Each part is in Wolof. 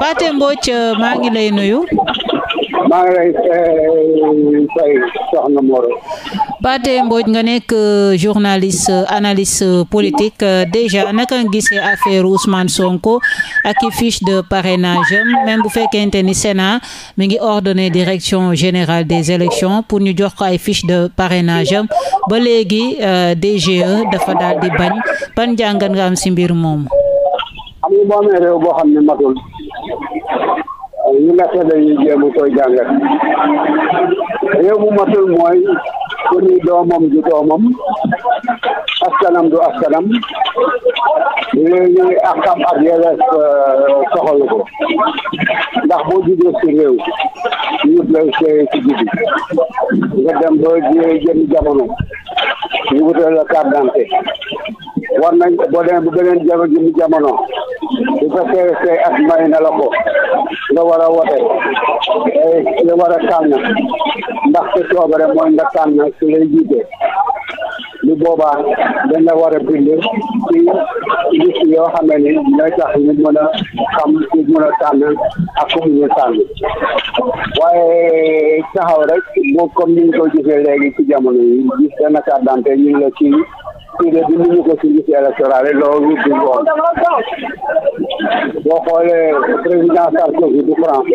Pathé mbooj euh, maa ngi lay nuyu. maa mbooj nga nekk euh, journaliste analyste politique euh, déjà naka nga gisee affaire Ousmane Sonko ak i fiche de parrainage même bu fekkente ni Sénat mi ngi ordonné direction général des élections pour ñu jox ko ay fiche de parrainage ba léegi DGE dafa daal di bañ ban jàngat nga am si mbir moomu. waaw ñu naka dañuy jéem koy jàngat réew mu matul mooy ku ni doomam du doomam askanam du askanam yooyu ak xam ak yelleef euh, soxalu ko ndax boo jugee si réew ñëpp lay seeyee ci nga dem ba jëm jamono ñu wutal la carte war nañ boo demee bu beneen jëm jamono bu fekkee say at may na la ko nga war a eh, war a tànn ndax sa coobare mooy nga tànn su lay jiite lu boobaa dañ war a bind ci liste yoo xam ne ni ñooy tax ñu mën a xam ñu mën a tànn ak fu ñu tànn waaye taxaw rek boo comme ko gisee léegi ci jamono yi gis benn carte d'identité ñu la kii fii de dunduñu ko ci liste électorale yi loolu du ngoon boo xoolee président Sarkozy du France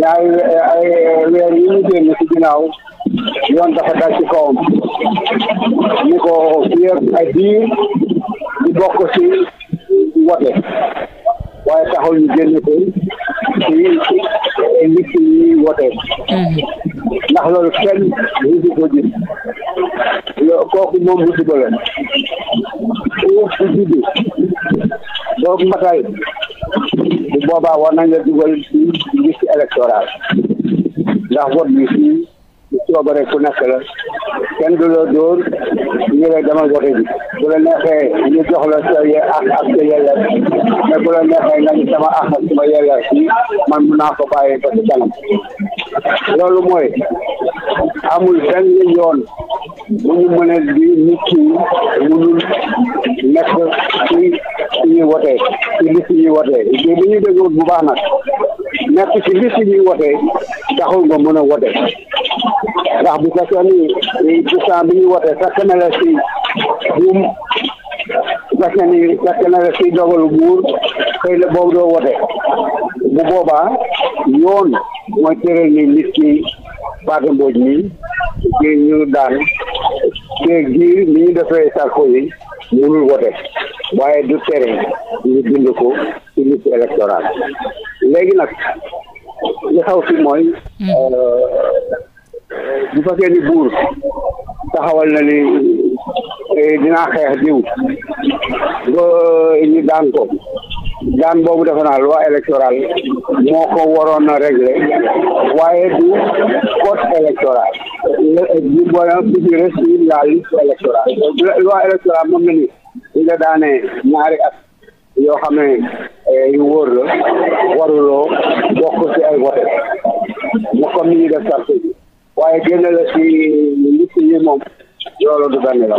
ñaari ay weer yi ñu génn ci ginnaaw yoon dafa dal ci kawam ñu ko fii ay diir di bokk ci wote waaye taxul ñu génn ko ci liste yi wote ndax loolu kenn du ko ci moom la dugaloon suuf si juddu soo matal bu boobaa war nañ la dugal ci liste électorale ndax vote bi fii coobare ku nekk la kenn du la dóor ñu la demal vote bi bu la neexee ñu jox la sa ak ak sa yelleef mais bu la neexee nga ñu sama ak ak sama yelleef fii man mun naa ko bàyyi ba ci loolu mooy amul benn yoon bu ñu mënee di nit ki mënul nekk ci ci ñuy wotee ci liste ñuy wotee te li ñu déggoon bu baax nag nekk ci liste ñuy wotee taxul nga mën a wote ndax bu fekkee ni pourtant bi ñu wotee fekk na la si buum fekk ni na la si dogalu buur xëy na boobu doo wote bu boobaa yoon mooy tëral nit ki Fatou Mbodj mi ñu daan keeg gii li ñu defee sàkko yi mënul wote waaye du tere ñu bind ko ci liste électorale léegi nag li xaw fi mooy hmm. euh, bu fekkee ni buur taxawal na ni dinaa xeex diw ba ñu daan ko daan boobu defe naa loi électorale moo ko waroon waaye du code électoral bi boole bi ci am laa liste électorale loi électorale moom la ni ñu nga daanee ñaari at yoo xam ne eh, yu wóor la waruloo bokk ci ay vote mu comme ni ñu def charte bi waaye génn la ci liste yi du benn la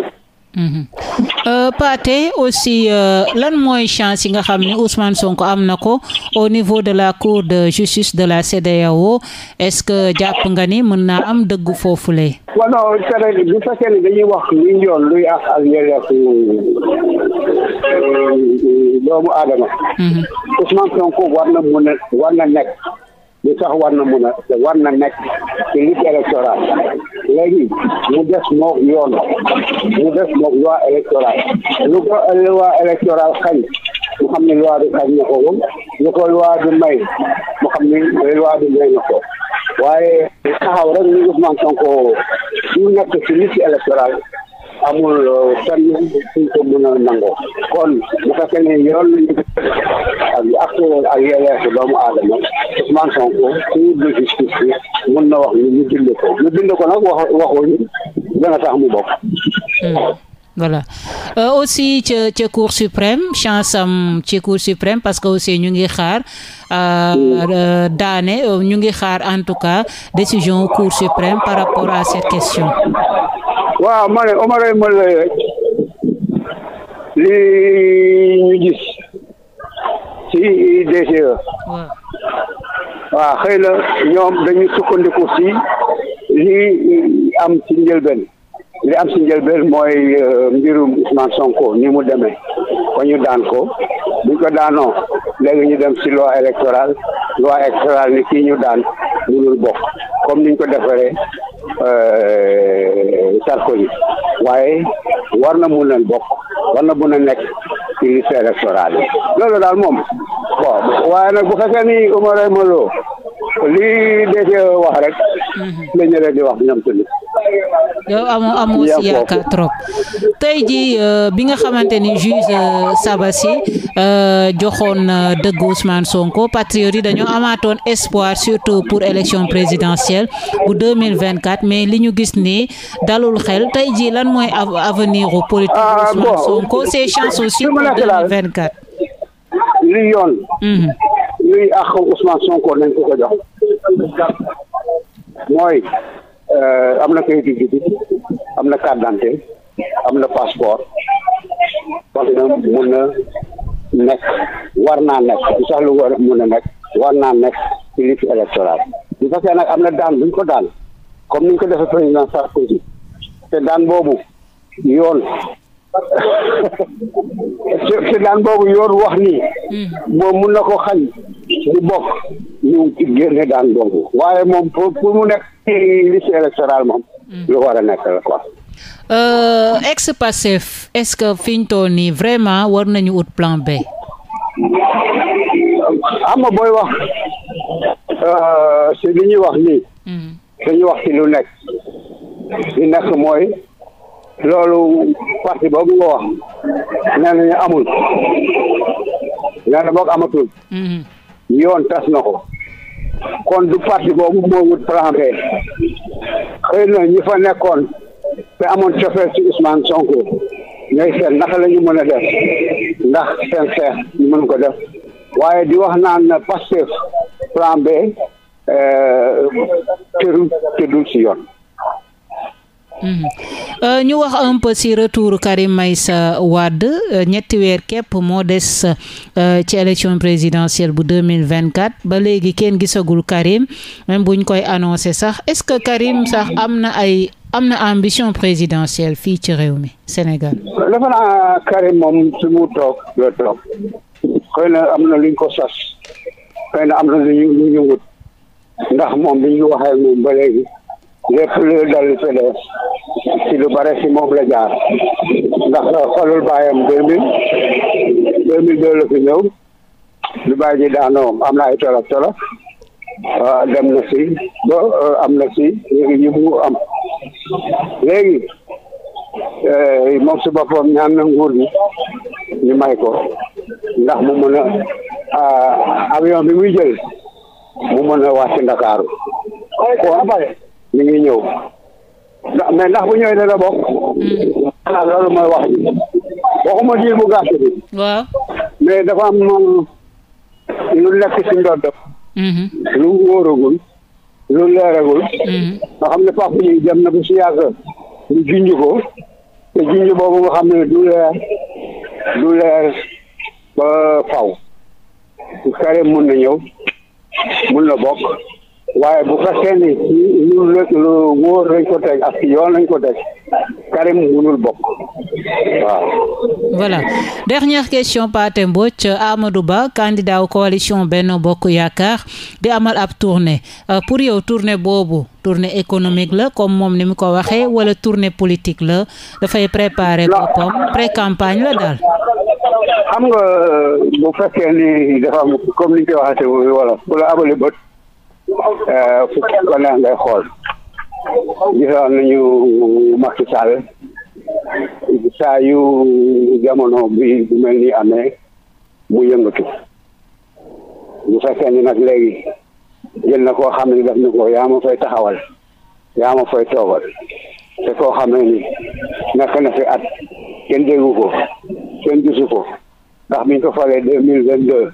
Euh, Pathé aussi euh, lan mooy chance yi nga xam ne Ousmane Sonko am na ko au niveau de la cour de justice de la CEDEAO est-ce que jàpp nga ni mën naa am dëgg foofu lay non c'est bu fekkee ne dañuy wax luy yoon luy ak ak yelleefu doomu aadama mhm. Ousmane Sonko war na mën a war na nekk li sax war na mën a war na nekk ci liste électorale léegi mu des moog yoon mu des moog loi électorale lu ko loi électorale xañ mu xam ne loi bi xañ na ko woon lu ko loi bi may mu xam ne loi bi may na ko waaye taxaw rek ni nekk ci liste électorale amul fenn suñ ko mën a nangoo kon bu fekkee ne yoon ak ak ak yelleefu doomu aadama Ousmane Sonko cour de justice bi mun na wax ni ñu bind ko ñu bind ko nag wax waxuñu dana tax mu bokk hmm. voilà euh, aussi ca ca cour suprême chance am ci cour suprême parce que aussi ñu ngi xaar euh, euh, daane ñu ngi xaar en tout cas décision cour suprême par rapport à cette question waaw ma ne Omar ay ma li ñu gis ci IDGE waaw xëy na ñoom dañu sukkandiku ci li am ci njëlbeen li am ci njëlbeen mooy mbirum Ousmane Sonko ni mu deme ko ñu daan ko buñ ko daanoo léegi ñu dem si loi électorale loi électorale ni kii ñu daan mënul bokk comme niñ ko defaree Sarkozy waaye war na mun a bokk nekk ci liste électorale loolu daal moom waaye nag bu fekkee ni Umar lii dee wax rek. Mhm. la ñëwee di wax ñoom tamit. yow amoo amoo si yaakaar trop tey jii euh, bi nga xamante ni juge euh, Sabassi euh, joxoon dëgg Ousmane Sonko patriote yi dañoo amaatoon espoir surtout pour élection présidentielle bu mille vingt quatre mais li ñu gis ni dalul xel tey jii lan mooy avenir politique ah, Ousmane Sonko ses chances aussi pour deux mille vingt quatre luy yoon. Mm-hmm. luy àq Ousmane Sonko nañ ko ko jox. mooy euh, am na kayit yu am na carte am na passeport war na mun a nekk war naa nekk du sax lu war a mun na nekk war naa nekk ci liste électorale bu fekkee nag am na daan buñ ko daan comme niñ ko defee président Sarkozy te daan boobu yoon ci daan boobu yoon wax nii hmm. moom mun na ko xañ ñu bokk ñu ci génne daan boobu waaye moom pour mu nekk ci liste électorale moom hmm. lu war a nekk la quoi euh, ex Pastef est-ce que fi ñu toll nii vraiment war nañu ut plan B am na wax euh, si li ñuy wax nii hmm. dañuy wax ci lu nekk li nekk mooy loolu parti boobu nga wax nee nañu amul nee na boog amatul mhm. yoon tas na ko kon du parti boobu moo wut plan xëy na ñi fa nekkoon te amoon cofeel ci Ousmane Sonko ñooy seet naka la ñu mën a def ndax seen xeex ñu mën ko def waaye di wax naan Pastef plan B euh, tëru tëddul ci yoon Mm-hmm. Euh, ñu wax un peu si retour Karim Meïssa Wade euh, ñetti weer képp moo des euh, ci élection présidentielle bu deux mille vingt quatre ba léegi kenn gisagul Karim même buñ koy annoncé sax est-ce que Karim sax am na ay am na ambition présidentielle fii ci réew mi Sénégal. dafa naa Karim moom su toog yoo na am na luñ ko sas xëy na am na lu ñu wut ndax moom bi ñu waxee moom ba léegi. lépp lu dal PDS ci lu bare ci moom la jaar ndax falul bàyyam deux mille deux mille deux la fi ñëw lu bàyyi ji daanoo am na ay tolof tolof dem na si ba euh, am na si yi mu am léegi euh, moom si boppam ñaan na nguur gi ñu may ko ndax mu mën a euh, avion bi muy jël mu mën a wàcc Ndakaaru ñu ngi ñëw ndax mais ndax bu ñëwee dana bokk. xanaa hmm. ah, loolu mooy wax ji waxuma diir bu gàtt bi. waaw mais dafa am lu nekk ci ndodd. Hmm. lu wóoragul lu leeragul. Hmm. nga xam ne pàpp yi dem na si yàgg ñu junj ko te junj boobu nga xam ne du leer du leer ba faw. su mun na ñëw mun na bokk. waaye bu fekkee ni lu lu wóor lañ ko teg ak yoon lañ ko teg Karim mënul bokk waaw. voilà dernière question Pathé Mbodj Amadou Ba candidat wu benn Benno Bokk Yaakaar di amal ab tournée euh, pour yow tournée boobu tournée économique la comme moom ni mu ko waxee wala tournée politique la dafay préparer boppam pré-campagne la daal. xam nga bu fekkee ni dafa am comme ni ñu koy waxee wala wala abali bët. Eh, fu ko neex ngay xool gisoon nañu Macky Sall saa yu jamono bi bu mel ni amee mu yëngatu bu fekkee ni nag léegi jël na koo xam ne def na ko yaa ma fay taxawal yaa fay toogal te koo xam ni nekk na fi at kenn déggu ko kenn gisu ko ndax biñ ko falee deux mille vingt deux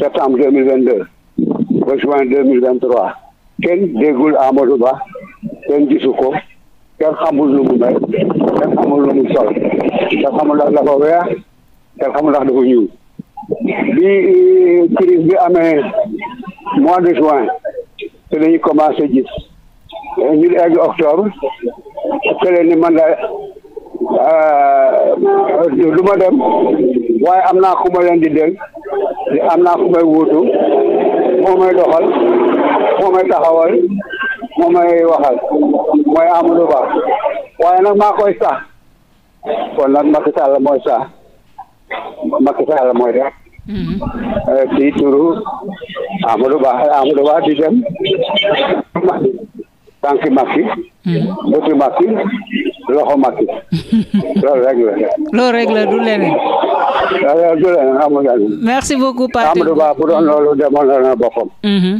septembre deux mille vingt deux ba juin deux mille vingt trois kenn déggul Amadou Ba kenn gisu ko kenn xamul lu mu mel kenn xamul lu mu sol kenn xamul ndax dafa weex kenn xamul ndax dafa ñuul bi euh, crise bi amee mois de juin te dañuy commencé gis ñu di egg octobre kële ni man daal euh, du ma dem waaye am naa ku ma leen di dégg am naa ku may wuutu moo may doxal moo may taxawal moo may waxal mooy Amadou Ba waaye nag maa koy sax kon nag Macky Sall mooy sax Macky Sall mooy def ci mm-hmm. eh, turu Amadou Ba Amadou Ba di dem Macky tànki Macky mm-hmm. bëti Macky loxo Macky du leneen. loolu du merci beaucoup Pathé bu doon loolu demoon na boppam. Mhm.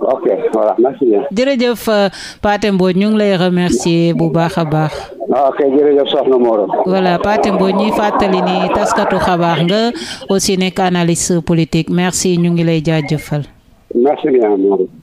ok voilà merci bien. jërëjëf euh, Pathé Mbodj ñu ngi lay remercier bu baax a baax. ok jërëjëf soxna Moreau. voilà Pathé Mbodj ñuy fàttali ni taskatu xabaar nga aussi nekk analyste politique merci ñu ngi lay jaajëfal. merci bien Moreau.